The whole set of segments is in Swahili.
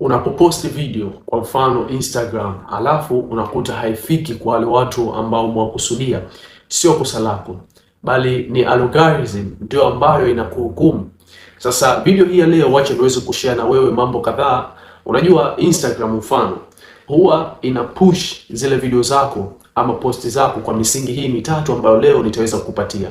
unapoposti video kwa mfano Instagram, alafu unakuta haifiki kwa wale watu ambao mwakusudia, sio kosa lako, bali ni algorithm ndio ambayo inakuhukumu. Sasa video hii ya leo, wacha niweze kushare na wewe mambo kadhaa. Unajua Instagram mfano huwa ina push zile video zako ama posti zako kwa misingi hii mitatu ambayo leo nitaweza kukupatia.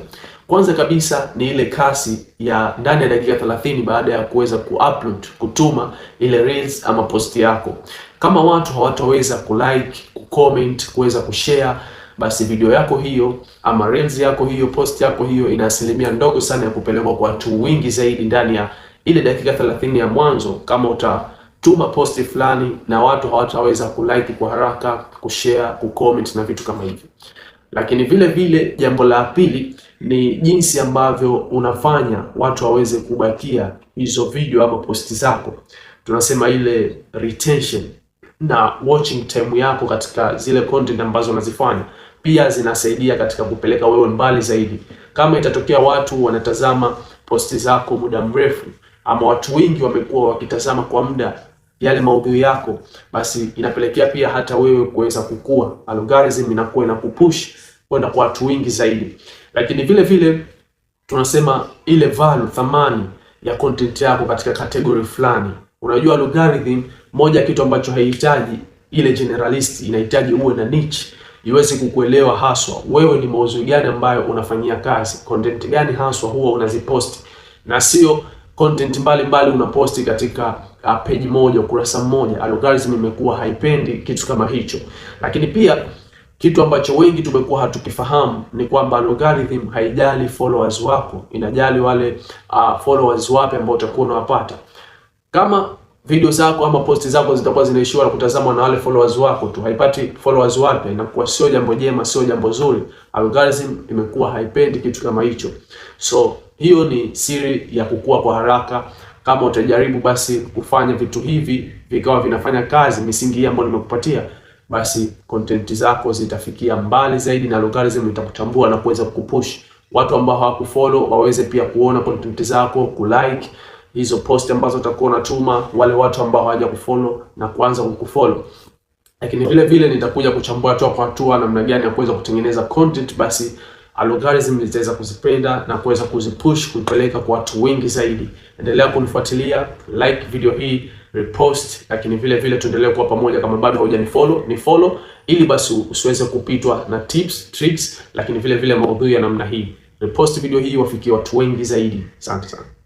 Kwanza kabisa ni ile kasi ya ndani ya dakika 30 baada ya kuweza kuupload kutuma ile reels ama post yako. Kama watu hawataweza kulike, kucomment, kuweza kushare, basi video yako hiyo ama reels yako hiyo, post yako hiyo ina asilimia ndogo sana ya kupelekwa kwa watu wengi zaidi ndani ya ile dakika 30 ya mwanzo, kama utatuma posti fulani na watu hawataweza kulike kwa haraka, kushare, kucomment na vitu kama hivyo. Lakini vile vile jambo la pili ni jinsi ambavyo unafanya watu waweze kubakia hizo video ama posti zako, tunasema ile retention na watching time yako katika zile content ambazo unazifanya pia zinasaidia katika kupeleka wewe mbali zaidi. Kama itatokea watu wanatazama posti zako muda mrefu, ama watu wengi wamekuwa wakitazama kwa muda yale maudhui yako, basi inapelekea pia hata wewe kuweza kukua, algorithm inakuwa inakupush kwenda kwa watu wengi zaidi. Lakini vile vile tunasema ile value, thamani ya content yako katika category fulani. Unajua algorithm moja, kitu ambacho haihitaji ile generalist, inahitaji uwe na niche iweze kukuelewa haswa wewe ni mauzo gani ambayo unafanyia kazi, content gani haswa huwa unaziposti, na sio content mbalimbali unaposti katika uh, page moja, ukurasa mmoja. Algorithm imekuwa haipendi kitu kama hicho, lakini pia kitu ambacho wengi tumekuwa hatukifahamu ni kwamba algorithm haijali followers wako, inajali wale uh, followers wapi ambao utakuwa unawapata. Kama video zako ama posti zako zitakuwa zinaishiwa na kutazamwa na wale followers wako tu, haipati followers wapi, inakuwa sio jambo jema, sio jambo zuri. Algorithm imekuwa haipendi kitu kama hicho, so hiyo ni siri ya kukua kwa haraka. Kama utajaribu basi kufanya vitu hivi vikawa vinafanya kazi, misingi hii ambayo nimekupatia basi content zako zitafikia mbali zaidi na algorithm itakutambua na kuweza kukupush watu ambao hawakufollow waweze pia kuona content zako, kulike hizo post ambazo utakuwa unatuma, wale watu ambao hawaja kufollow na kuanza kukufollow. Lakini vile vile nitakuja kuchambua hatua kwa hatua namna gani ya kuweza kutengeneza content basi algorithm zitaweza kuzipenda na kuweza kuzipush kuipeleka kwa watu wengi zaidi. Endelea kunifuatilia, like video hii repost, lakini vile vile tuendelee kuwa pamoja. Kama bado hujanifollow, ni follow, ili basi usiweze kupitwa na tips, tricks, lakini vile vile maudhui ya namna hii. Repost video hii wafikie watu wengi zaidi. Asante sana.